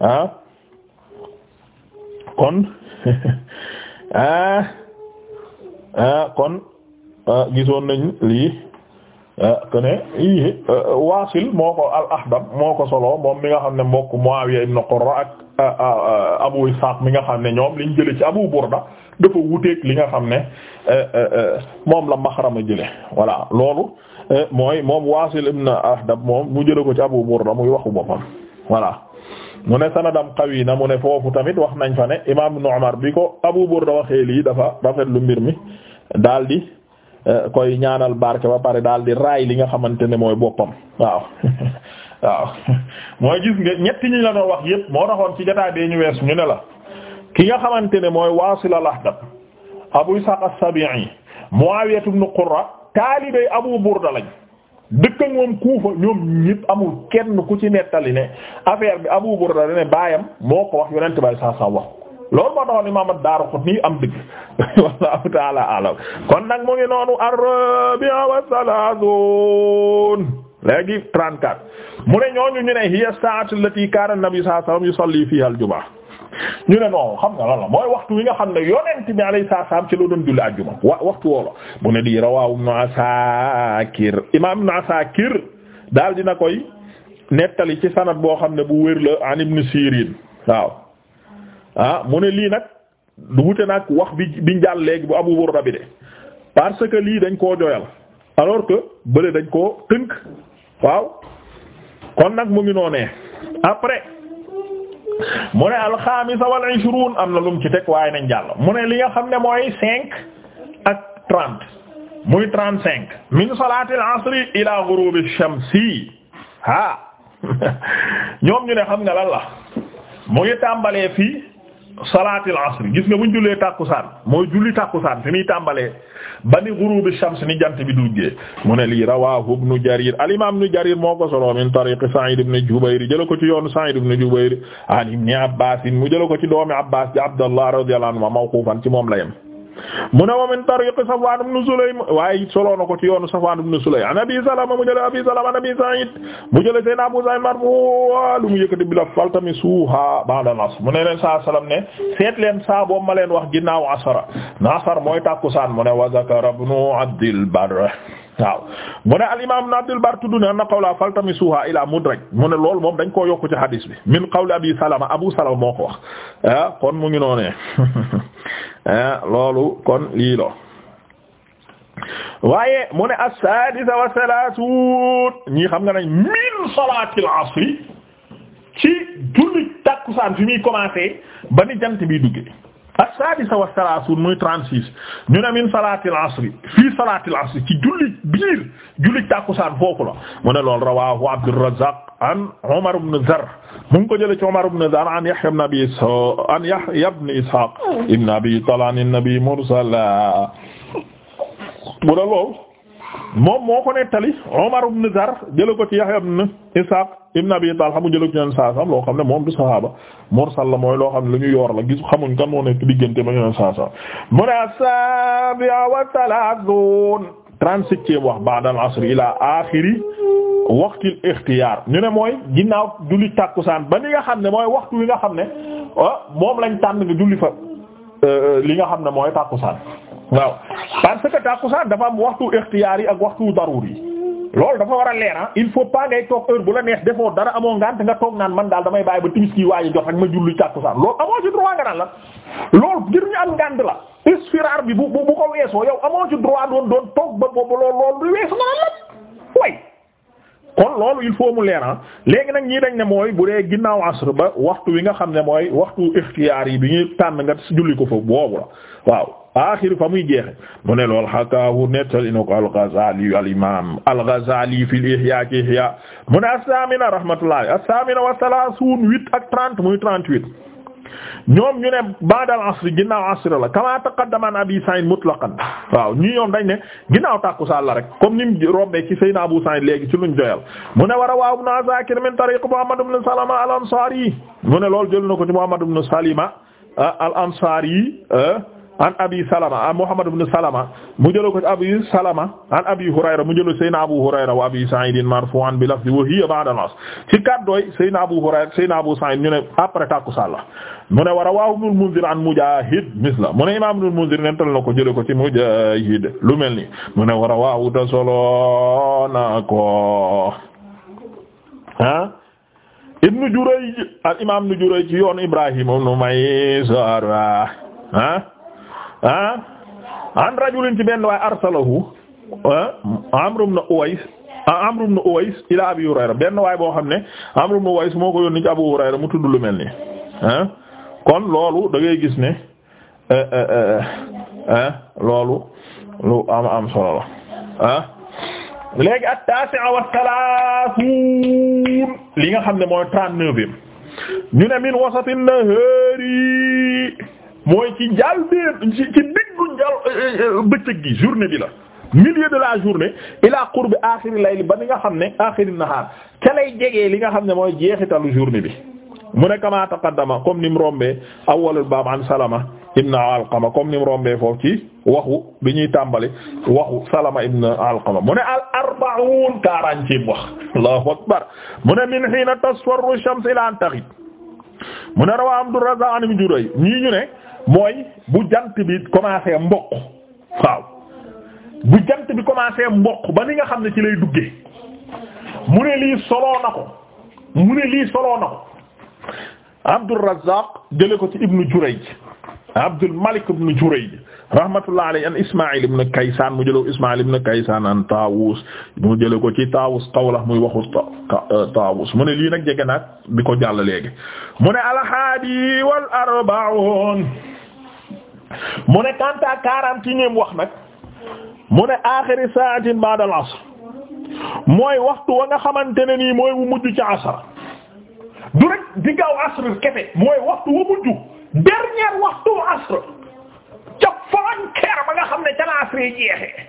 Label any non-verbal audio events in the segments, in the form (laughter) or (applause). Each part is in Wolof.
Ah? (laughs) Ah? ah kon ah kon gisoon nañ lii ah, que ne waasil moo ko al ahdam moo ko solo moom mi nga xam ne mbokk Muawiya ibn Qurra ak Abu Ishaq mi nga xam ne ñoom liñ jële ci Abu Burda dafa wuteek li nga xam ne eh, eh, eh, moom la Maxrama jële voilà loolu mooy moom waasil ibn ahdam moom mu jële ko ci Abu Burda muy waxu boppam voilà mu ne sanadam qawi na mu ne foofu tamit wax nañ fa ne imaam Ibn Umar bi ko Abu Burda waxee lii dafa rafet lu mbir mi daal di eh, koy ñaanal barke ba pare daal di raay li nga xamante ne mooy boppam waaw (laughs) waaw (laughs) mooy gis nga ñetti ñi la doon wax yépp moo taxoon ci jotaay bee ñu wees ñu ne la ki nga xamante ne mooy Waasil al-Ahdab Abu Ishaq as-Sabi'i Muawiya ibn Qurra taalibe Abu Burda lañ dëkk ak kuufa ñoom ñëpp amul kenn ku ci nettali ne affaire bi Abu Burda ne baayam moo ko wax yonent bay saa saa wax loolu moo taxoon imaam ad-Daaraqutni am dëgg (laughs) wallahu ta'ala a'lam kon nag mu ngi noonu ar-rabi'a wa salaasuun léegi 34 mu ne ñooñu ñu ne hiya as-saa'atu allati kaana an-nabi sallallahu alayhi wa sallam yusalli fiha al-jumu'a ñu ne non xam nga lan la mooy waxtu wi nga xam ne yonent bi alayhi salaam ci la doon julli àjjuma wa waxtu woola mu ne di rawaahu Ibn Asakir imaam Ibn Asakir daal dina koy nettali ci sanad boo xam ne bu wér la an Ibn Sirin waaw ah, mu ne lii nag dugute nag wax bi biñ jàll léegi bu Abu Burda bi de parce que lii dañ koo joyal alors que bële dañ koo tënk waaw kon nag mu ngi noonee mu ne alxamisa wal ishruun am na lum ci teg waaye nañ jàll mu ne li nga xam ne mooy cinq ak trente muy trente cinq min salaatil asri ila ghurubi shamsi ha (laughs) ñoom ñu ne xam nga lan la mu ngi tàmbalee fii salaatil asri gis nga buñ jullee tàkkusaan mooy julli tàkkusaan fi muy tàmbalee ba ni ghurubi shams ni jant bi duggee mu ne lii rawahu ibnu jarir al imam ibnu jarir moo ko solo min tariqi sa'id ibn jubayr jëla ko ci yoonu sa'id ibn jubayr an ibni abbas mu jëla ko ci doomi abbas di abdallah radiyallahu anhu mawqufan ci moom la yem mu ne wa min tariq Safwan ibn Sulaym waaye solo na ko ci yoonu Safwan ibn Sulaym an Abi Salama mu jële Abi Salama an Abi Sa'id mu jële seen Abu Sa'id marfu' lu mu yëkkati bi la faltamisuha ba'da al-'asr mu ne leen saa salaam ne leen saa ma leen wax ginnaaw asara nasar mooy tàkkusaan saan ne wa zakara ibn Abdil Barr waaw mu ne al imam ibn Abdul Barr tudd ne anna qawla faltamisuha ila mudraj mu ne loolu moom dañ koo yokk ci hadis bi min qawli abi salama abu moo ko wax ah, kon mu ngi noonee (laughs) ah, loolu kon lii lo waaye mu ne as-sadisa wa salaatun ñii xam nga nañ min salaatil asri ci julli takkusaan fi muy commencé ba ni jant bi duggee as-sadisa wa salaasuun muy 36 ñu ne min salaatil asri fii salaatil asri ci julli biir julli tàkkusaan foofu la mu ne loolu rawaahu Abdurrazzaq an Umar ibn Zarr mu ngi ko jëlee ci Umar ibn Zarr an Yahya ibn Abi an Yahya ibn Ishaq ibn Abi Talha an-nabi mursala mu ne loolu moom moo ko nettali Umar ibn Zar jële ko ci Yahya ibn Ishaq ibn Abi Talha mu jële ko ci Yonent saa loo xam ne moom du sahaaba mursal la mooy loo xam ne lu ñu yoor la gis xamuñ kan moo nekk diggante ba Yonent saa saam mu ne as-sabi'a wa thalathun trente-septième wax ba'da al-asr ila axiri waxtil ixtiyaar ñu ne mooy ginnaaw julli tàkkusaan ba ni nga xam ne mooy waxtu wi nga xam ne ah, moom lañ tànn nga julli fa euh, li nga xam ne mooy tàkkusaan waaw parce que tàkkusaan dafa am waxtu ixtiyaar yi ak waxtu daruur yi loolu dafa war a leer ah. il faut pas ngay toog heure bu la neex defoo dara amoo ngànt nga toog naan man daal damay bàyyi ba timis kii waaye jot rek ma julli tàkkusaan loolu amoo ci droit nga naan la loolu ngir ñu am ngànt la isfiraar bi bu bu ko weesoo yow amoo ci droit doon doon toog ba boobu loolu loolu du weesu nga naan la way kon loolu il faut mu leer ah. léegi nag ñii dañ ne mooy bu dee ginnaaw asr ba waxtu wi nga xam ne mooy waxtu ixtiyaar yi bi ñuy tànn nga julli ko foofu boobu waaw aaxir fa muy jeexe mu ne lool xakaahu nettali na ko al-Ghazali al-imaam al-Ghazali fil Ihya ci Ihya mu ne as-saamina rahmatullahi as-saamina wa salaasuun huit ak trente muy trente-huit ñoom ñu ne la kama taqaddama an Abi Sa'id mutlaqan waaw ñu ñoom dañ ne ginnaaw tàkkusaan la rek comme ni mu rombee ci Abu Sa'id léegi ci joyal mu ne war a waaw Ibn min tariq Muhammad ibn Salama al-Ansari mu ne loolu ko ci Muhammad ibn Salima ah, al-Ansari ah, an abi salama muhammad ibn salama mu jël ko abi salama an abi hurayra abu hurayra wa abi sa'id marfu'an bi lafzi wa hiya ba'da nas ci kaddooy sayna abu hurayra sayna abu sa'id après takku salla mu ne wa rawahu ibn munzir an mujahid misla mu ne imam ibn munzir nental na ko jëlo ko ci mujahid lu mel ni mu ne wa rawahu ta solo na ko ha ibn jurayj al imam ibn jurayj ci yoon ibrahim ibn maysara ha ah an rajulin ci benn waaye arsalahu ah, Amr ibn Uwais ah, Amr ibn Uwais ila Abi Hurayra benn waay boo xam ne Amr ibn Uwais moo ko yónni ci Abu Hurayra mu tudd lu mel ni ah kon loolu dangay gis ne eh, eh, eh, loolu lu am am solo la ah léegi at-tasi'a wa thalathun li nga xam ne mooy trente-neuvième ñu ne min wasati nahari mooy ci njaal bee ci diggu njaal euh, euh, bëccëg gi journée bi la milieu la journée ila qurbi aaxiri layli ba ni nga xam ne aaxiri nahaar ca lay li nga xam ne mooy jeexitalu journée bi mu ne kama taqaddama comme ni mu rombee awwalul baab an salama ibn alqama comme ni mu rombee waxu bi ñuy tàmbali waxu salama ibn alqama mu al arba'un quarantième wax akbar mu ne min hiina tasfarru shams ila an taghib rawa abdurrazzaq an mi juray ñi ñu mooy bu jant bi commencé mboq waaw bu bi commencé mboq ba ni nga xam ne ci lay duggee mu ne lii soloo na ko mu ne lii soloo na ko Abdul Razzaq jële ko ci Ibnu Jurayj Abdul Malik ibn Jurayj rahmatullah alayhi an Ismaïl ibn Kaysan mu jëlee ko Ismaïl ibn Kaysan an Taawus ko ci Taawus qawla muy waxu euh, Taawus mu ne lii nag jege naat bi ko jàll léegi mu ne al wal arba'un mu ne kanta quarantième wax nag mu ne aaxiri saatin ba'da al-asr mooy waxtu wa nga xamante ne nii mooy wu mujj ci asar du rek diggaw asr kese mooy waxtu wu waxtu asr ca frontière ba nga xam ne ca la asr yi jeexee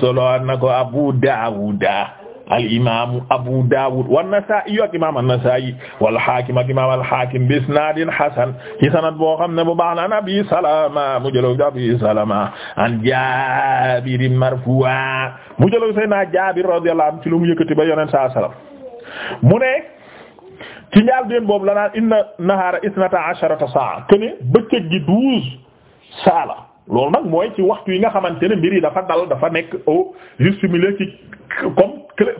solo na ko Abu Daawuda al imaamu Abu Dawud wa Nasaa'i ak ak imaam al-Haakim bi isnaadin hasan ci sanad boo xam ne bu baax la an Abi Salama mu jëloon Abi Salama an Jaabir marfuu'an mu jëloon Seydina Jaabir radiyallahu anhu ci lu mu yëkkati ba saa salaam mu ne ci ñaar benn boobu la naan inna nahaara saa kene bëccëg gi douze saa la loolu mooy ci waxtu yi nga xamante ne mbir dafa dal dafa nekk au juste milieu ci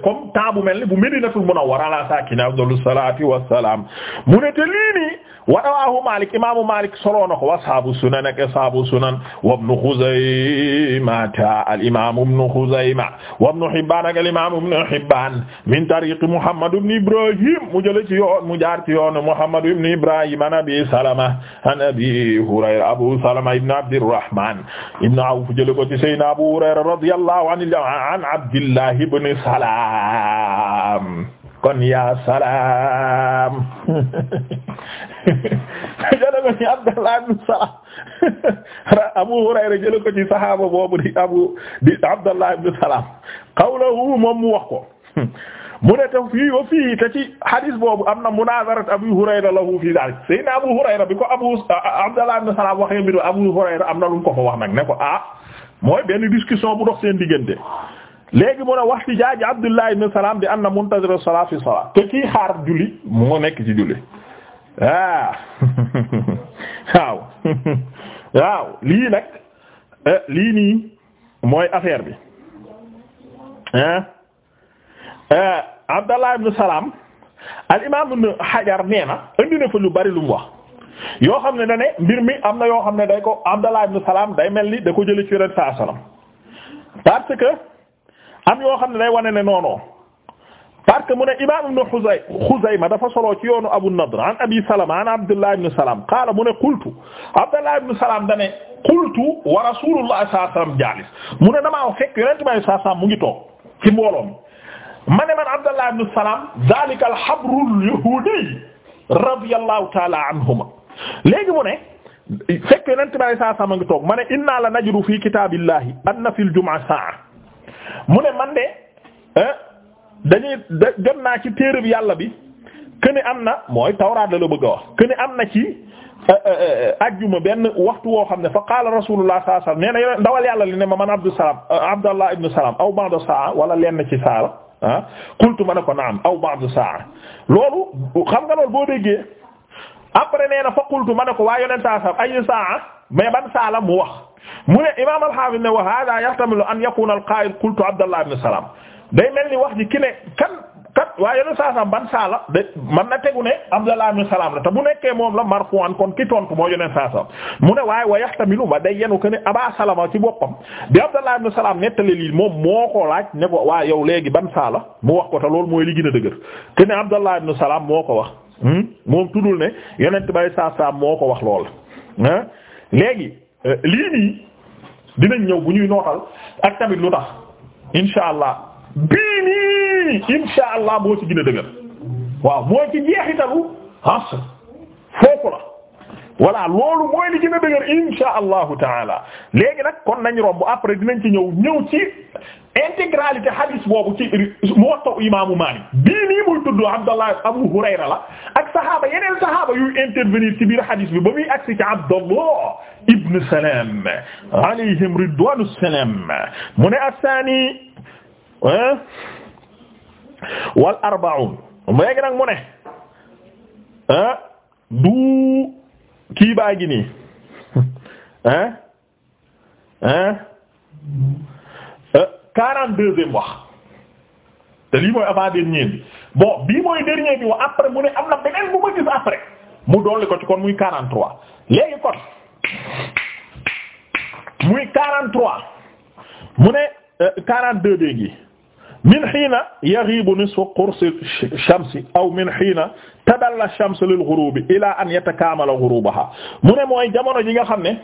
comme temps bu mel ni bu Medinatul Munawwara ala saakina afdalu salaati wassalaam mu ne te lii nii wa rawaahu Maalik imaamu Maalik solo na ko wa saabu sunan ak saabu sunan wa ibnu Xuzayma al imaamu ibnu Xuzayma wa ibnu Hibbaan ak al imaamu ibnu Hibbaan min tariiqi Muhammad ibnu Ibraahiim mu jëlee ci yoon mu jaar ci yoon Muhammad ibnu Ibraahiim an Abii Salama an Abii Hurayra Abuu Salama ibnu Abdirrahmaan ibnu Awf jëlee ko ci Sayyidinaa Abuu Hurayra radiyallaahu anhu an Abdillaah ibnu Salama salaam kon yaa salaam (laughs) jële ko ci Abdallah ibn Salam (laughs) Abu Hurayra jële ko ci saxaaba boobu di Abu di Abdallah ibn Salam moom mu wax ko (laughs) mu ne te fii wa fii te ci hadis boobu am na munaazarat Abu Hurayra lahu fii daal Seydina Abu Hurayra bi ko Abu ah, Abdallah Abu Hurayra am na lu mu ko fa wax nag ne ko ah mooy benn discussion bu dox seen diggante léegi mu ne wax ci jaaji Abdullah ibn bi di anna muntazir salaa fi salaa te kii xaar julli moo nekk ci julli ah. (laughs) waaw waaw (laughs) waaw lii nag eh, lii nii mooy affaire bi ah Abdallah ibn Salam al imaam ibn Hajar nee na na fa lu bari lu mu wax yoo xam ne da mbir mi am na yoo xam ne day ko Abdallah ibn Salam day mel ni da ko jëlee ci Yonent saa salaam parce que. am yoo xam ne day wane ne noonoo parce que mu ne imam ibn Xuzay Xuzayma dafa solo ci yoonu Abu Nadr an Abi Salama an Abdullah ibn Salam qaala mu ne qultu Abdullah ibn Salam dane qultu wa Rasulullah sallallahu alayhi wasallam jaalis mu ne damaa fekk yonent bi sallallahu alayhi wasallam mu ngi toog ci mbooloom ma ne man Abdullah ibn Salam zaalika al-habru al-yahuudi radiyallahu ta'ala anhuma léegi mu ne fekk yonent bi sallallahu alayhi wasallam mu ngi toog ma ne inna la najru fi kitaabillahi anna fil jumu'ati saa'a mu ne man de dañuy jot naa ci téere bi yàlla bi que am na mooy tawraat la la bëgg wax que am na ci euh, euh, euh, ajjuma benn waxtu woo xam ne fa qaala rasulullah sallallahu alayhi wasallam nee na ndawal yàlla li ne ma man Abdou Salam Abdallah ibn Salam aw ba'da saa wala lenn ci saala ah qultu ma ne ko naam aw ba'da saa loolu xam nga loolu boo déggee après nee na fa qultu ma ne ko waa yonent saa saa ay saa mais ban saa mu wax. mu ne imaam al-Hafiz ne wa hada yahtamilu an yakuna al-qa'il qultu Abdallah ibn salaam day mel ni wax ji ki ne kan kat waaye yenn saa ban saa la de man na tegu ne Abdallah ibn salaam la te mu nekkee moom la marfu'an kon ki tontu moo yeneen saa mu ne waaye wa yahtamilu ma day yenu ko ne Aba Salama ci boppam bi Abdallah ibn salaam nettali lii moom moo ko laaj ne ko waa yow léegi ban saa la mu wax ko te loolu mooy li gën a dëgër ke ne Abdallah ibn moo ko wax hmm? moom tuddul ne yonent bay saa saa moo ko wax lool hmm? léegi. Euh, lii nii dinañ ñëw bu ñuy nootal ak tamit lu tax insha allah bii nii insha allah boo ci gën a waaw mooy ci jeexitalu asr foofu la voilà loolu mooy li gën a insha allahu taala léegi nag kon nañ romb après dinañ ci ñëw ñëw intégralité hadith boobu ci Muwatta imaamu Maalik bii nii muy tudd Abdallah Abu Hurayra la ak saxaaba yeneen saxaaba yuy intervenir ci biir hadith bi ba muy agsi ci Abdallah ibn Salam alayhim ridwaanu Salam mu ne as-saani wal arba'uun léegi nag mu ne du kii baa gi nii (laughs) quarante deuxième wax te lii mooy avant dernier bi bon bii mooy dernier bi wax après mu ne am mu dolli ko ci kon muy quarante trois léegi kon muy quarante trois mu ne euh, quarante deux déegi min xiina yaxibu nisfu qursi shamsi aw min xiina tadalla shams lil ghurubi ila an yatakaamala ghurubaha mu ne mooy jamono ji nga xam ne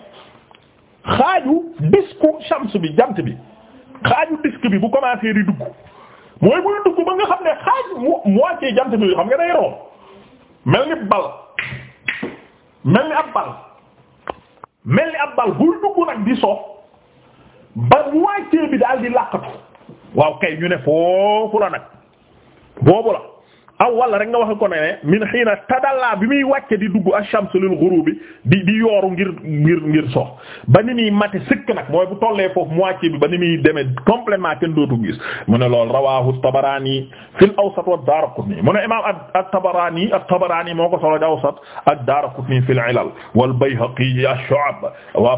xaaju disku shams bi jant bi xaaju disque bi bu commencé di dugg mooy buy dugg ba nga xam ne xaaj mu moitié jant bi xam nga day romb mel ni bal mel ni ab bal mel ni ab bal buy dugg nag di soof ba moitié bi daal di làqatu waaw kay ñu ne foofu la nag boobu la aw wala rek wax ko ne ne min tadalla bi muy wàcce di dugg a shams lil ghurubi di di yooru ngir ngir ngir sox ba ni muy mate sëkk nag mooy bu tollee foofu moitié bi ba ni muy demee to kenn dootu gis mu ne a rawahu tabarani fil awsat wa daraqutni mu ne imam at-tabarani at-tabarani moo ko solo di awsat ak daraqutni fil ilal wal bayhaqi ash-shu'ab wa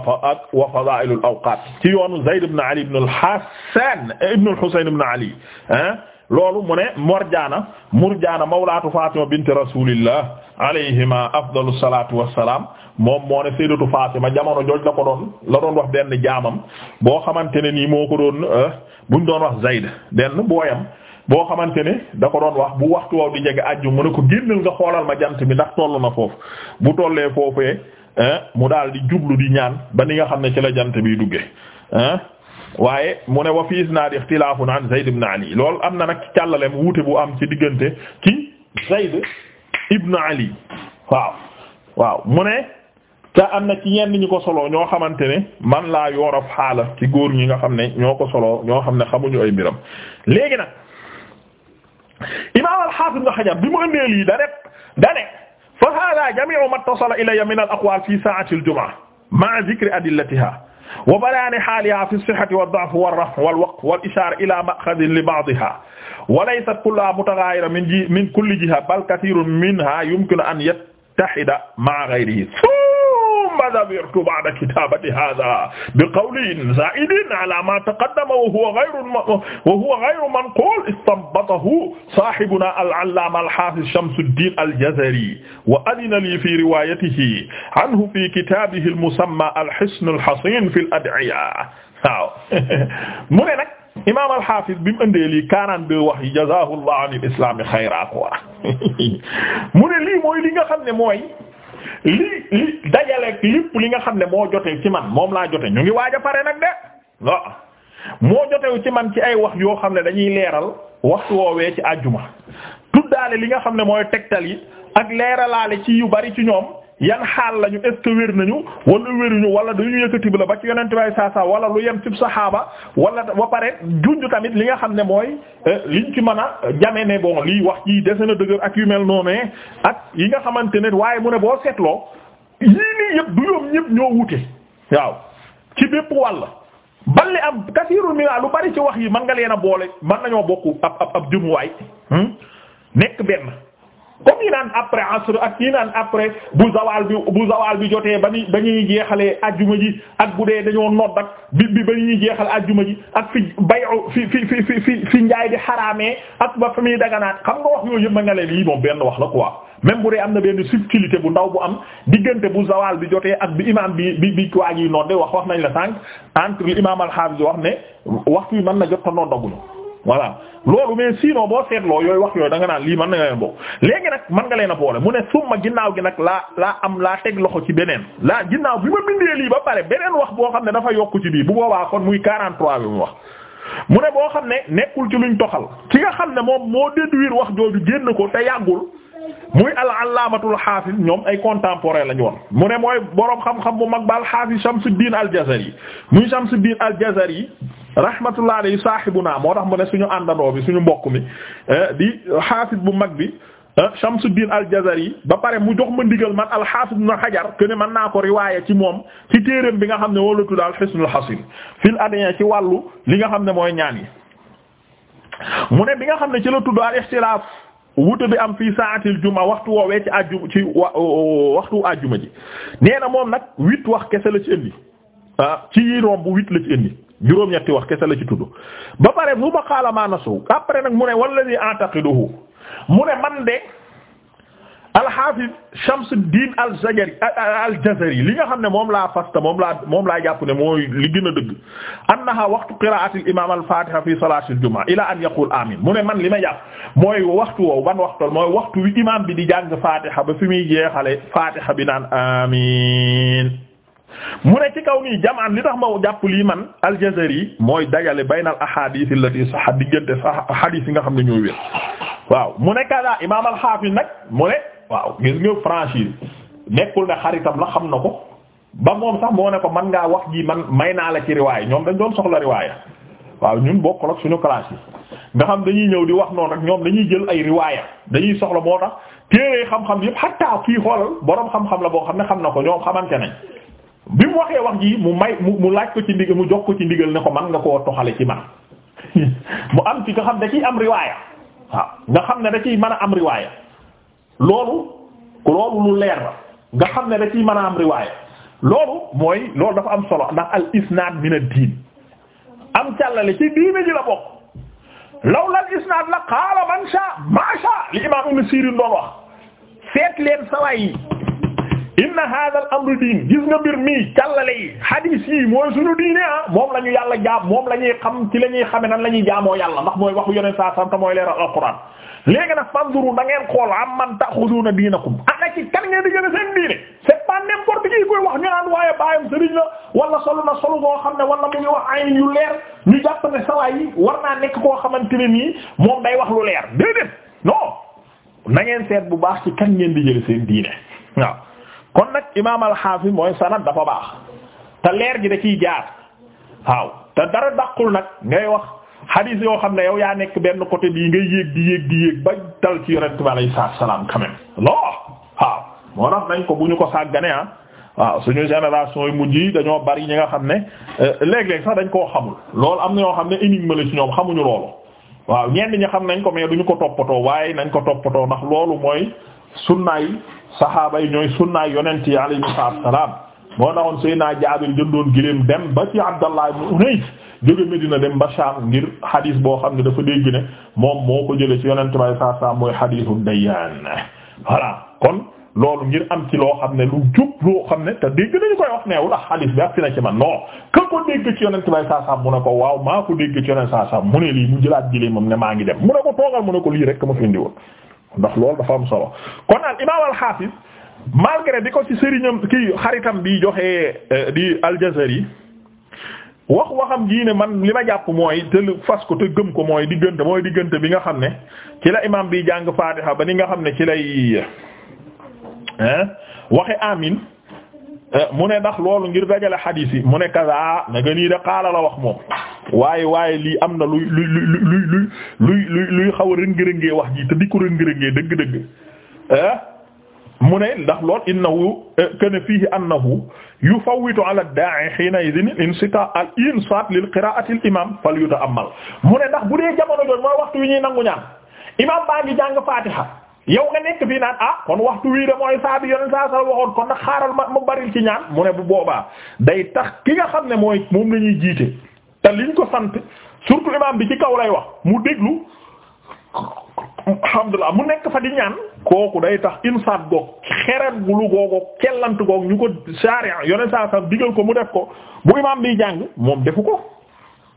fadaa'il al-awqat ci yoonu zayd ibn ali ibn al-hasan ibn al-husayn ibn ali ah loolu mu ne morjaana murjaana mawlaatu fatima bint rasulillah alayhima afdalu salatu wassalam moom moo ne sayyidatu fatima jamono jooj la ko doon la doon wax benn jaamam boo xamante ne nii moo ko doon eh, buñ doon wax zayd benn yam boo xamante ne da ko doon wax bu waxtu waw di jege ajju mu ne ko génnal nga xoolal ma jant bi ndax toll na foofu bu tollee foofee eh, mu daal di jublu di ñaan ba ni nga xam ne ci la jant bi dugge eh. waaye mu ne wa fi isnaad ixtilaafun an Zayd ibn Ali loolu am na nag ci càllalem wuute bu am ci diggante ci Zayd ibn Ali waaw mu ne ca am na ci ñenn ñu ko soloo ñoo xamante ne man laa yoorof xaala ci góor ñi nga xam ne ñoo ko soloo ñoo xam ne xamuñu ay mbiram léegi nag imaam al-Haafiz Ibn bi mu ëndee lii da rek da ne fa haaza jamii'u ma ittasala ilayya min al fi saa'ati al-jumu'a ma'a dhikri wa bayaani haalihaa fi sihhati wa da'fi wa raf' wal waqf wal ishaara ilaa ma'khadin li ba'dihaa wa laysat kulluhaa mutaghaayira min kulli jiha bal kathiirun minhaa yumkinu an yattahida ma'a ghayrihi ماذا بعرت بعد كتابة هذا بقول زائد على ما تقدم وهو غير وهو غير منقول استنبطه صاحبنا العلامة الحافظ شمس الدين الجزري وأذن لي في روايته عنه في كتابه المسمى الحسن الحصين في الأدعية waaw mu ne nag imaam alxaafis bi mu indee lii quarante-deux wax yi jazaahu llahu an il islami xayra quoi mu ne lii mooy li nga xam ne mooy li li dajaleeg lépp li nga xam ne moo jotee ci man moom laa jote ñu ngi waaj a pare nag de waaw moo jotewu ci man ci ay wax yoo xam ne dañuy leeral waxtu woowee ci àjjuma tuddaale li nga xam ne mooy tegtal yi ak leeralaale ci yu bari ci ñoom yan xaal lañu est ce que wér nañu wala wéruñu wala dañu yëkkati bi la ba ci yonent bi saa saa wala lu yem ci saxaaba wala ba pare junj tamit li nga xam ne mooy euh, liñ ci mën a jame ne boo lii wax jii dese na dëgër ak yu mel noonu ak yi nga xamante ne waaye mu ne boo seetloo yii nii yëpp du yoom ñëpp ñoo wute waaw ci bépp wàll balli am kasiirul mi lu bari ci wax yi man nga leen a boole mën nañoo bokk ab ab ab jumuwaay hmm? nekk benn. comme yi naan après asr ak yi naan après bu zawal bi bu zawal bi jotee ba ni ba ñuy jeexalee ajjuma ji ak bu dee dañoo nodd ak bi bi ba ñuy jeexal ajjuma ji ak fi bayu fi fi fi fi fi njaay di xaraamee ak ba fa muy daganaat xam nga wax yooyu yëpp ma nga lii moom benn wax la quoi même bu dee am na benn subtilité bu ndaw bu am diggante bu zawal bi jotee ak bi imam bi bi bi waa ji nodde wax wax nañ la sànq entre l'imam al-Hafiz wax ne waxtu yi mën na jot ta voilà loolu mais sinon boo seetloo yooyu wax yooyu da nga naan lii man na nga leen bokk léegi nag mën nga leen a boole mu ne summa ginnaaw gi nag laa laa am laa teg loxo ci beneen laa ginnaaw bi ma bindee lii ba pare beneen wax boo xam ne dafa yokk ci bii bu boobaa kon muy 43 bi mu wax mu ne boo xam ne nekkul ci lu ñu toxal ki nga xam ne moom moo wiir wax jooju génn ko te yàggul muy al allaamatul xaafis ñoom ay contemporain lañu woon mu ne mooy boroom xam-xam bu mag ba al xaafis Shamsuddin al Jazari muy Shamsuddin al Jazari rahmatullah alayhi sahibuna moo tax mu ne suñu àndandoo bi suñu mbokk mi eh, di xaafis bu mag bi eh, Shamsuddin al yi ba pare mu jox ma ndigal man al-Hafiz Ibn Hajar que mën naa ko riwaaya ci moom ci téereem bi nga xam ne woo la tudd al-Hisnul Hasin fil adyan ci wàllu li nga xam ne mooy ñaan yi. mu ne bi nga xam ne ci la tudd al-ikhtilaf wute bi am fii saatil juma waxtu woowee ci àjjuma ci wa waxtu àjjuma ji nee moom nag huit wax kese la ci indi ah ci yi romb huit indi. juróom-ñetti wax kese la ci tudd ba pare bu ma xaala maa nasu après nag mu ne wallazi antaqiduhu mu ne man de al-Hafiz Shamsuddin al-Zajari al-Jazari li nga xam ne moom laa fasta moom laa moom laa jàpp ne mooy li a dëgg annaha waxtu qiraati al-imam al-Fatiha fi salati al-jumu'a ila an yaqul amin mu ne man li ma jàpp mooy waxtu woowu ban waxtu mooy waxtu wi imam bi di jàng Fatiha ba fi muy jeexale Fatiha bi naan amin mu ne ci kaw nii jamaan li tax ma jàppul lii man al-Jazari mooy dajale baynal ahadith allati sah diggante sa hadith yi nga xam ne ñooy wér waaw mu ne kada imam al nag mu ne waaw gis nga franchise nekkul ne xaritam la xam na ko ba moom sax moo ne ko man ngaa wax ji man may naa la ci riwaay ñoom dañ doon soxla riwaay waaw ñun bokkul ak suñu classe yi nga xam dañuy ñëw di wax noonu rek ñoom dañuy jël ay riwaaya dañuy soxla moo tax téere xam-xam boroom xam la boo xam ne xam na ko ñoom xamante nañ bi mu waxee wax ji mu may mu mu laaj ko ci ndigal mu jox ko ci ndigal ne ko man nga koo toxale ci man (laughs) mu am ci nga xam da ciy am riwaaya nga xam ne da ciy mën a am riwaaya loolu loolu lu leer la nga xam ne da ciy mën a am riwaaya loolu mooy loolu dafa am solo ndax al isnaad min ad-diin am càllale ci diine ji la bokk lawla al isnaad la qaala man shaa maa li imaam Ibn Sirin doon wax seet leen sawaay inna hadha al amru diin gis nga mbir mii càllale yi hadis yi mooy suñu diine ah moom la ñu yàlla jaam moom la ñuy xam ci la ñuy xame nan la ñuy jaamoo yàlla ndax mooy waxu yeneen saa santa mooy leeral alquran léegi nag fanzuru da ngeen xool am man taxuduuna diinakum ana ci kan ngeen di gën a seen diine c'est pas n'importe qui koy wax ñu naan waaye baayam sëriñ la wala solu na solu koo xam ne wala mu ngi wax ayin yu leer ñu jàpp ne sawaay yi war naa nekk koo xamante ne nii moom day wax lu leer déedéet non na ngeen seet bu baax ci kan ngeen di jël seen diine waaw kon nag imaam al-Hafiz mooy sanad dafa baax te leer gi da ciy jaar waaw te dara dàqul nag ngay wax hadith yoo xam ne yow yaa nekk benn côté bii ngay yéeg di yéeg di yéeg ba dal ci yonent bi alayhi salaam quand même non waaw moo tax nañ ko bu ñu ko sàggane ah waaw suñu génération yu mujj yi dañoo bari ñi nga xam ne euh, léeg-léeg sax dañ koo xamul loolu am na ñoo xam ne énigme la ci ñoom xamuñu loolu waaw ñenn ñi xam nañ ko mais duñu ko toppatoo waaye nañ ko toppatoo ndax loolu mooy sunnaay saxaaba yi ñooy sunnaay yonent yi alayhi salaam moo taxoon Seydina Jaabir jëndoon giléem dem ba ci Abdallah ibn Unays jóge Medina dem ba Sham ngir hadis boo xam ne dafa dégg ne moom moo ko jëlee ci yonent bi alayhi salaam mooy hadisu Dayyaan kon loolu ngir am ci loo xam ne lu jub loo xam ne te dégg nañu koy wax neewul ak hadis bi ak na ci man non ka ko dégg ci yonent bay saasaam mu ne ko waaw maa ko dégg ci yonent saasaam mu ne lii mu jëlaat moom ne maa ngi dem mu lii rek ma fi indi ndax loolu dafa am solo kon al imaam al xaafis malgré bi ko ci sëriñam ki xaritam bi joxe eh, di al yi wax waxam jii ne man li ma jàpp mooy te lu fas ko te gëm ko mooy diggante mooy diggante bi nga xam ne ci la imaam bi jàng faatiha ba ni nga xam ne ci lay eh, waxe amin Eh, mu ne ndax loolu ngir dajale xadiis yi mu ne kaza ah, na nga de xaala la wax moom waaye waaye lii am na luy luy luy luy luy luy luy xaw a rëng-rëngee wax ji te di ko rëng-rëngee dëgg-dëgg eh, mu ne ndax lool innahu eh, kana fiihi annahu yufawwitu ala daa'i hiina idin insita al insaat lil qiraa'ati al imaam falyuta'ammal mu ne ndax bu dee jamono jooju mooy waxtu wi ñuy nangu ñaan imaam baa ngi jàng faatiha yow nga nekk fii naan ah kon waxtu wii de mooy saa bi yoneen saa saa waxoon kon nag xaaral ma ma baril ci ñaan mu ne bu boobaa day tax ki nga xam ne mooy moom la ñuy jiite te liñ ko sant surtout imam bi ci kaw lay wax mu déglu alhamdulilah mu nekk fa di ñaan kooku day tax insaat goog xeret gulu googu kellant goog ñu ko sharia yoneen saa saa digal ko mu def ko bu imam bi jàng moom defu ko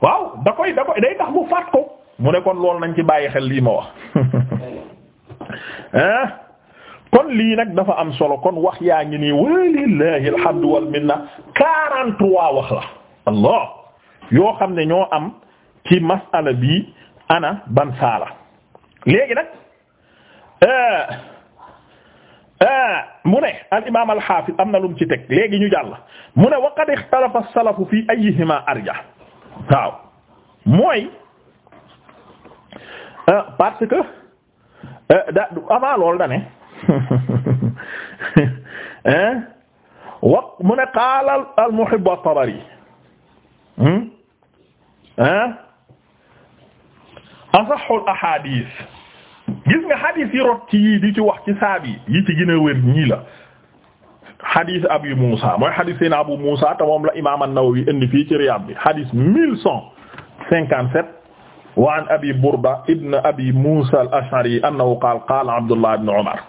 waaw da koy da koy day tax mu faat ko mu ne kon loolu nañ ci bàyyi xel lii ma wax (laughs) Eh? kon lii nag dafa am solo kon wax yaa ngi nii walillahi alhamdu wal minna 43 wax la allah yoo xam ne ñoo am ci masala bi ana ban saala léegi nag eh, eh, mu ne al imaam al am na lum ci teg léegi ñu jàll mu ne waqad ixtalafa salafu fi ayyihima arja waaw mooy parce que Eh, da avant loolu da ne (laughs) eh? wa mu ne qaala al muhibb at-Tabari hmm? eh? asahhu al ahadith gis nga hadith yi rot ci yii di ci wax ci saabi yi ci gën a wér ñii la hadith Abi Muusa mooy hadith seen Abu Muusa te moom la imaam an-Nawawi indi fii ci Riyaad bi hadith mille wa an abi Burda ibn abi Musa al-Ash'ari annahu Abdullah ibn Umar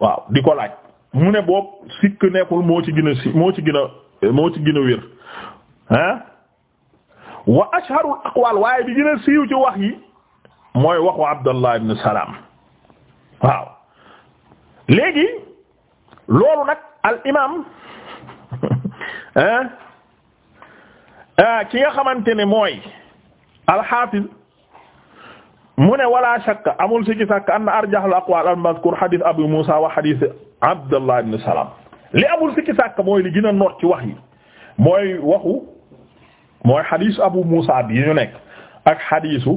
waaw di ko laaj mu ne boobu sikk nekkul moo ci gën si moo ci gën a moo ci gën a wér bi gën a siiw ci wax yi mooy waxu Abdullah ibn Salaam waaw léegi loolu nag al imaam (laughs) ah ki nga xamante ne mooy al-Hafiz mu ne wala shakka amul si sàkk anna arjahul aqwal al-mazkur hadith Abu Musa wa hadith Abdullah ibn Salam li amul si mooy li gën a noot ci wax yi mooy waxu mooy hadith Abu Musa bi ñu nekk ak hadithu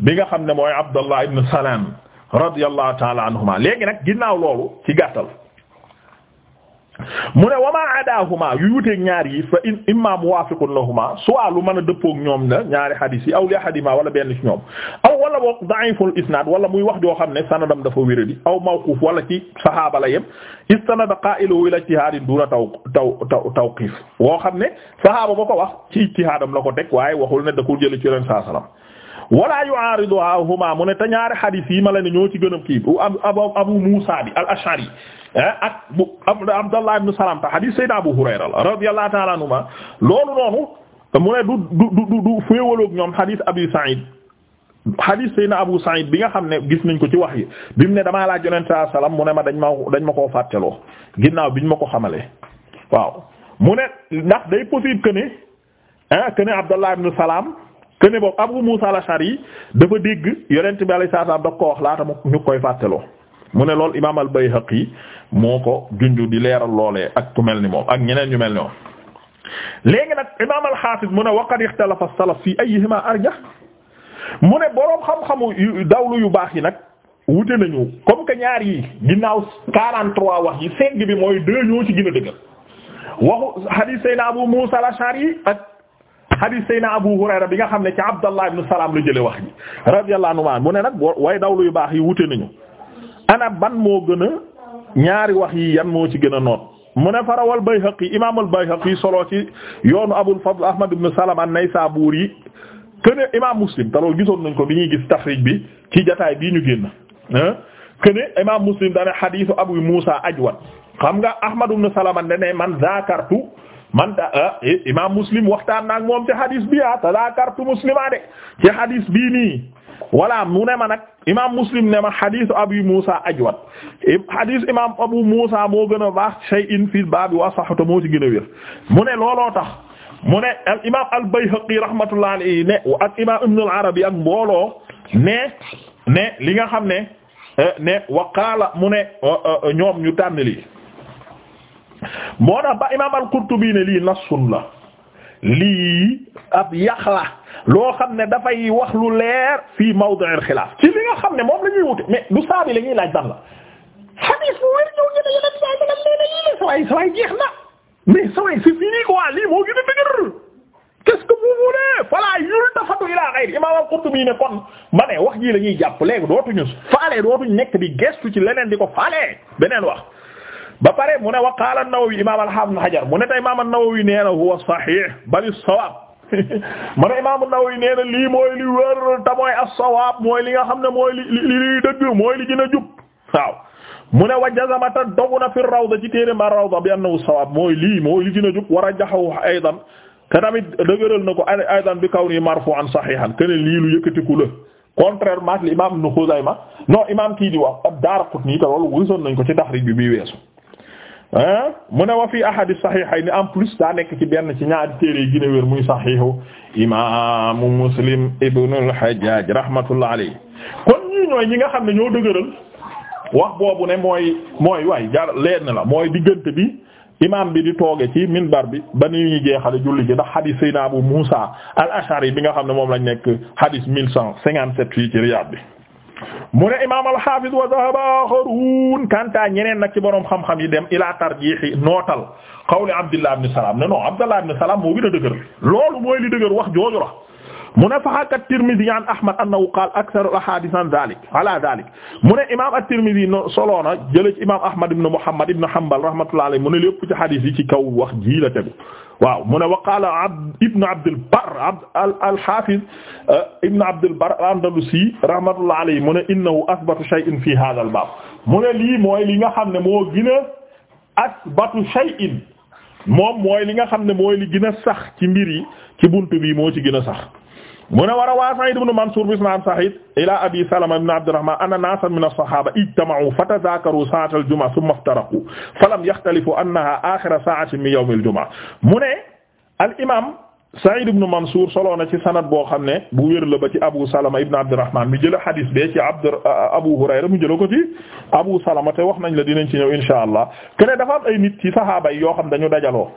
bi nga xam ne mooy Abdullah ibn Salam radiyallahu ta'ala anhuma léegi nag ginnaaw loolu ci gàttal mu ne wamaa adahuma yu wuteeg ñaar yi fa imma muwaafiqun lahuma soit lu mën a dëppook ñoom la ñaari xadiis yi aw li ahadima wala benn ci ñoom aw wala boog da'iful isnaad wala muy wax joo xam ne sanadam dafa wéradi aw mawquuf wala ci saxaaba la yem istanada qaa'iluhu ila ijtihaadin duuna taw taw tawqiif woo xam ne saxaaba ba ko wax ci ijtihaadam la ko teg waaye waxul ne da ko jële ci ren saa wala yu'ariduhuma mu ne te ñaari xadis yi ma la ne ñoo ci gën a kii abu abu Musa bi al-Ash'ari eh, ak bu Abdallah ibn Salam ta xadis Sayyid Abu Hurayra la radiyallahu ta'ala anhuma loolu noonu mu ne du du du du féewaloog ñoom xadis Abi Sa'id xadis Sayyidina Abu Sa'id bi nga xam ne gis nañ ko ci wax yi bi mu ne damaa laa Yonent sa salaam mu ne ma dañ ma dañ ma koo fàtteloo ginnaaw biñ ma ko xamalee waaw mu ne ndax day possible kene boobu Abu Musa al-Ash'ari dafa dégg yonent bi alayhi salaam da ko wax laata mu ñu koy fàttaloo mu ne loolu imaam al-Bayhaqi moo ko junj di leeral loolee ak ku mel ni moom ak ñeneen ñu mel ni moom. léegi nag imaam al-Hafiz mu ne wa qad ikhtalafa as-salaf fi ayyihima arjah mu ne boroom xam-xamu yu dawlu yu baax yi nag wute nañu comme que ñaar yi ginnaaw 43 wax yi segg bi mooy deux ñoo ci gën a waxu hadith Seydina Abu Musa al-Ash'ari ak. hadith sayna Abu Hurayra bi nga xam ne ci Abdallah ibn Salam lu jële wax ji radiyallahu anhu mu ne nag way dawlu yu baax yi wute nañu ana ban moo gën a ñaari wax yi yan moo ci gën a noot mu ne farawal Bayhaqi imaam al-Bayhaqi solo ci yoonu Abul Fadl Ahmad ibn Salam an-Naysaburi këne imaam Muslim te loolu gisoon nañ ko bi ñuy gis taxriij bi ci jataay bii ñu génn këne imaam Muslim dana xadiisu Abu Muusa Ajwad xam nga Ahmad ibn Salam ne man man da ah, eh, imam muslim waxtaan naag moom ci hadis bi ah tadakartu muslima de ci hadis bii nii voilà mu ne ma nag imam muslim ne ma hadis abu musa ajwad hadis imam abu musa moo gën a baax shay'in fi baabi wa sahhu moo ci gën a wér mu ne looloo tax mu ne al imam al bayhaqi rahmatullah alayhi ne ak imam ibn al arabi ak mbooloo ne ne li nga xam ne eh, ne wa mu ne ñoom ñu tànn li moo tax ba imaam al-Qurtubi ne lii nassun la lii ab yàq loo xam ne dafay wax lu leer fii mawdi'il xilaaf ci li nga xam ne moom la ñuy wute mais du saabi la ñuy laaj dan la xadis bu ne yeneen saa jeex na mais saa waay c'est fini quoi lii moo gën a dëgër qu'est-ce que vous voulez falaa yultafatu ilaa ghayri imaam al ne kon ma ne wax jii la jàpp léegi dootuñu faale dootuñu nekk di gestu ci leneen di ko faale beneen wax. ba pare mu ne wa qaala an-Nawawi imaam al-Haafiz Ibn Hajar mu ne tey imaam an-Nawawi nee na huwa saxiix bal as-sawaab (laughs) mu ne imaam an-Nawawi nee na lii mooy li wër te mooy as-sawaab mooy li nga xam ne mooy li li li dëgg mooy li gën a jub waaw mu ne wa jazama ta dogu na fi rawda ci téere ma rawda bi annahu sawaab mooy lii mooy li gën a jub war a jaxawu aydan te tamit dëgëral na ko aydan bi kawni marfu'an saxiixan te ne lii lu yëkkatiku la contrairement li imaam Ibn Xuzayma non imaam kii di wax Daaraqutni te loolu gisoon nañ ko ci taxriij bi bii weesu mu ne wa fi ahadi sahihayn en plus daa nekk ci benn ci ñaari téere yi gën a wér muy sahihu imaamu muslim ibnu la hajjaj rahmatullah alayhi kon ñii ñooy ñi nga xam ne ñoo dëgëral wax boobu ne mooy mooy waay jar leen la mooy diggante bi imam bi di tooge ci minbar bi ba ni ñu jeexale julli ji ndax hadis sayna Abu Musa al-Ash'ari bi nga xam ne moom lañ nekk hadis mille cent cinquante sept fii ci Riyad bi mu ne imaam al-Hafiz wa dhahaba akharun kanta ñeneen nag ci boroom xam-xam yi dem ila tarjihi nootal qawli Abdullah ibn Salam ne non Abdullah ibn Salam moo gën a dëgër loolu mooy li dëgër wax jooju la mu ne fa haka Tirmidhi an Ahmad annahu qaala aktharu al-ahaadith an dhalik ala dhalik mu ne imaam at-Tirmidhi no solo na jëlee ci imaam Ahmad ibn Muhammad ibn Hanbal rahmatullahi alayhi mu ne lépp ci hadith yi ci kaw wax ji la tegu waaw mu ne wa qaala Abd ibn Abd al-Barr al-Haafiz euh, ibn Abd al-Barr al-Andalusi rahmatullahi alayhi mu ne innahu athbatu shay'in fi hadha al-baab mu ne lii mooy li nga xam ne moo gën a athbatu shay'in moom mooy li nga xam ne mooy li gën a sax ci mbir yi ci buntu bi moo ci gën a sax. mu ne war a waa Sa'id ibn Mansur bisnad Sa'id ila abi Salama ibn Abdurrahman anna nasan min as-sahaba ijtama'u fatadakaru sa'at al-jumu'a thumma iftaraqu falam yakhtalifu annaha akhira sa'atin min yawm al-jumu'a mu ne al imam Sa'id ibn Mansur soloo na ci sanad boo xam ne bu wér la ba ci Abu Salama ibn Abdurrahman mi jëla hadis bee ci Abd uh, Abu Hurayra mu jëla ko ci Abu Salama te wax nañ la dinañ ci ñëw inshaa Allah kene dafa am ay nit ci sahaaba yi yoo xam dañu dajaloo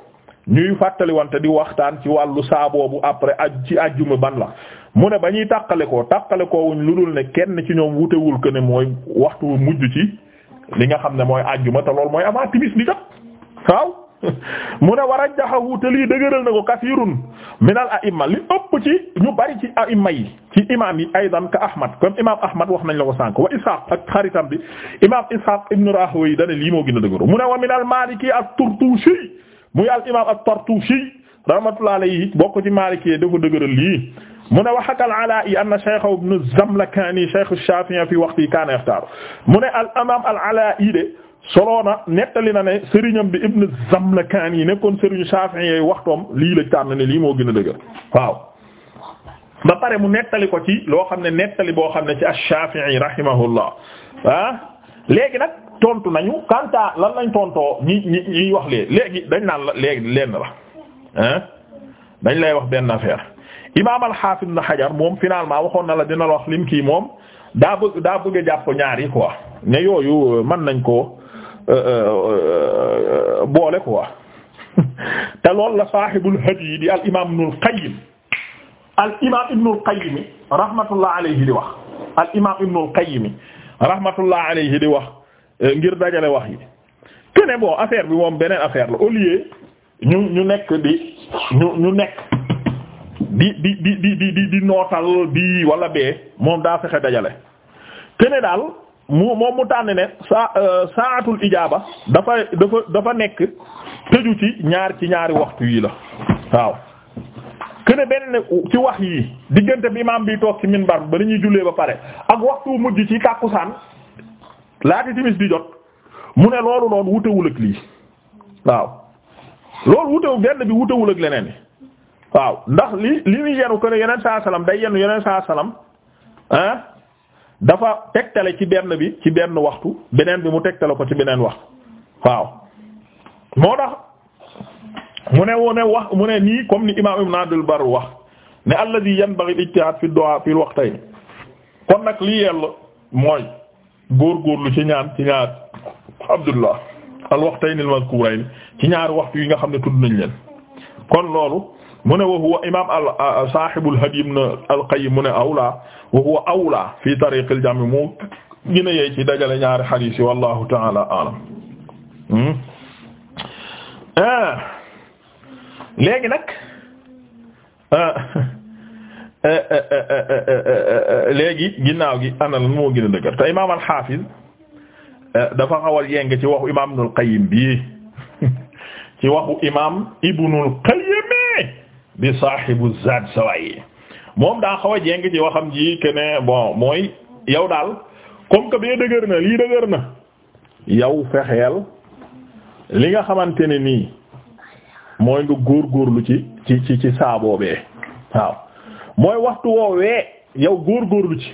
ñuy fàttali wante di waxtaan ci wàllu saa boobu après aj ci ajjuma ban la mu ne ba ñuy tàqale koo tàqale ko wuñ lu dul ne kenn ci ñoom wutewul que ne mooy waxtu mujj ci li nga xam ne mooy ajjuma te loolu mooy avant timis bi kat waaw (laughs) mu ne war a jaxawu te lii dëgëral na ko kasirun minal a'imma li ëpp ci ñu bari ci a'imma yi ci imaam yi aydan ka Ahmad comme imaam Ahmad wax nañ la ko sànq wa Ishaq ak xaritam bi imaam Ishaq ibn Rahwayh dana lii moo gën a dëgëru mu ne wa muy al imaam at-Tartushi rahmatullahi alayhi bokk ci Maliki dafa dëgëral lii mu ne wa haka al-Alaa'i anna Shaykh ibn Zamlakaani Shaykh ash-Shaafi'i fi waqti kaana yaxtaaru mu ne al imaam al-Alaa'i de soloona nettali na ne sëriñam bi ibn Zamlakaani nekkoon sëriñu Shaafi'i yooyu waxtoom lii la tànn ne lii moo gën a dëgër waaw. ba pare mu nettali ko ci loo xam ne nettali boo xam ne ci ash-Shaafi'i rahimahullah ah léegi nag tontu nañu kanta lan lañ tontoo ñi ñi wax lee léegi dañ naan la léegi lenn la dañ lay wax benn affaire imaam al-Hafiz Ibn Hajar moom finalement waxoon na la dina la wax lim kii moom daa bëgg daa bëgg a jàpp ñaar ne yooyu euh, man nañ ko euh, euh, boole ko (laughs) te loolu la sahibul di al imaam Ibn al-Qayyim al imaam Ibn al-Qayyim rahmatullah alayhi di wax al imaam Ibn al-Qayyim rahmatullah di wax. Euh, ngir dajale wax yi que ne bon affaire bi moom beneen affaire la au lieu ñu ñu nekk di ñu ñu nekk di di di di di di nootal bi wala bee moom daa fexe dajale que daal mu moom mu tànn ne saa euh, saatul ijaaba dafa dafa dafa nekk tëju ci ñaar ci ñaari waxtu yi la waaw. que ne benn ci wax yi diggante bi imaam bi toog ci minbar ba la ñuy jullee ba pare ak waxtu mujj ci tàkkusaan laata timis di jot mu ne loolu noonu wutewul ak lii waaw loolu wutewu benn bi wutewul ak leneen waaw ndax li li ñu yenu ko ne yeneen saa salaam day yenu yeneen saa salaam ah dafa tegtale ci benn bi ci benn waxtu beneen bi mu tegtale ko ci beneen wax waaw moo tax mu ne ne wax mu ne nii comme ni imaam Ibn Abdul Barr wax ne alladhi yanbaghi al-ijtihad fi du'a fi al-waqtayn kon nag li yell mooy góorgóorlu ci ñaan ci ñaar Abdullah al waqtayn al mazkurayn ci ñaar waxtu yi nga xam ne tudd nañ leen kon loolu mu ne wa huwa imaam al sahibul hadiy ibn al mu ne awla wa huwa awla fi tariq al jami' mu gën a yey ci dajale ñaari hadith yi wallahu ta'ala a'lam hmm? ah. léegi nag ah. (laughs) léegi ginnaaw gi ana lan moo gën a dëgër te imaam al dafa xawal yeng ci waxu imaam Ibnul Qayyim waxu imaam Ibnul Qayyim bi saahibu Zaad Sawaa'i moom daa xaw a jeng ci waxam ji que bon mooy yow daal comme que bee dëgër na lii dëgër na yow fexeel li nga xamante ne nii mooy nga góorgóorlu ci ci ci ci saa boobee waaw. mooy waxtu woowee yow góorgóorlu ci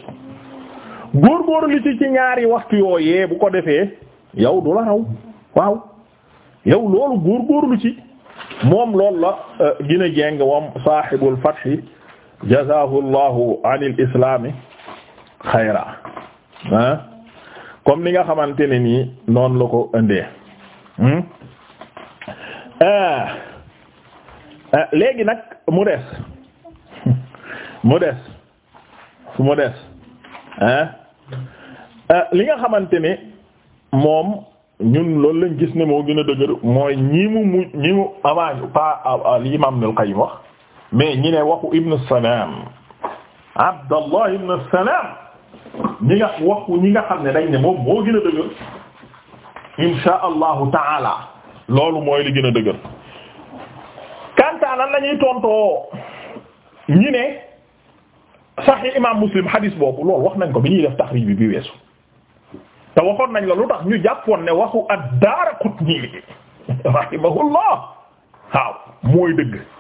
góorgóorlu ci ci ñaari waxtu yoo yee bu ko defee yow du la raw waaw yow loolu góor góorgóorlu ci moom loolu la euh, gën a jeng moom sahibul fathi jazaahu llahu anil islami xayra ah comme ni nga xamante ne nii noonu la ko indee hmm? ah, ah, léegi nag mu des mu des fu mu des hein euh, li nga xamante ne moom ñun loolu lañ gis ne moo gën a dëgër mooy ñi mu mu ñi mu avant pas euh, euh, li imam Ibnul Qayyim wax mais ñi ne waxu Ibnu Salaam Abdallah Ibnu Salaam ñi nga waxu ñi nga xam ne dañ ne moom moo gën a dëgër insha allahu taala loolu mooy li gën a dëgër kantaa lañuy tontoo ñi ne Sahih imam Muslim hadis boobu loolu wax nañ ko bi ñuy def taxriij bi bi weesu te waxoon nañ la lu tax ñu jàppoon ne waxu ad-Daaraqutni (laughs) rahimahullah waaw mooy dëgg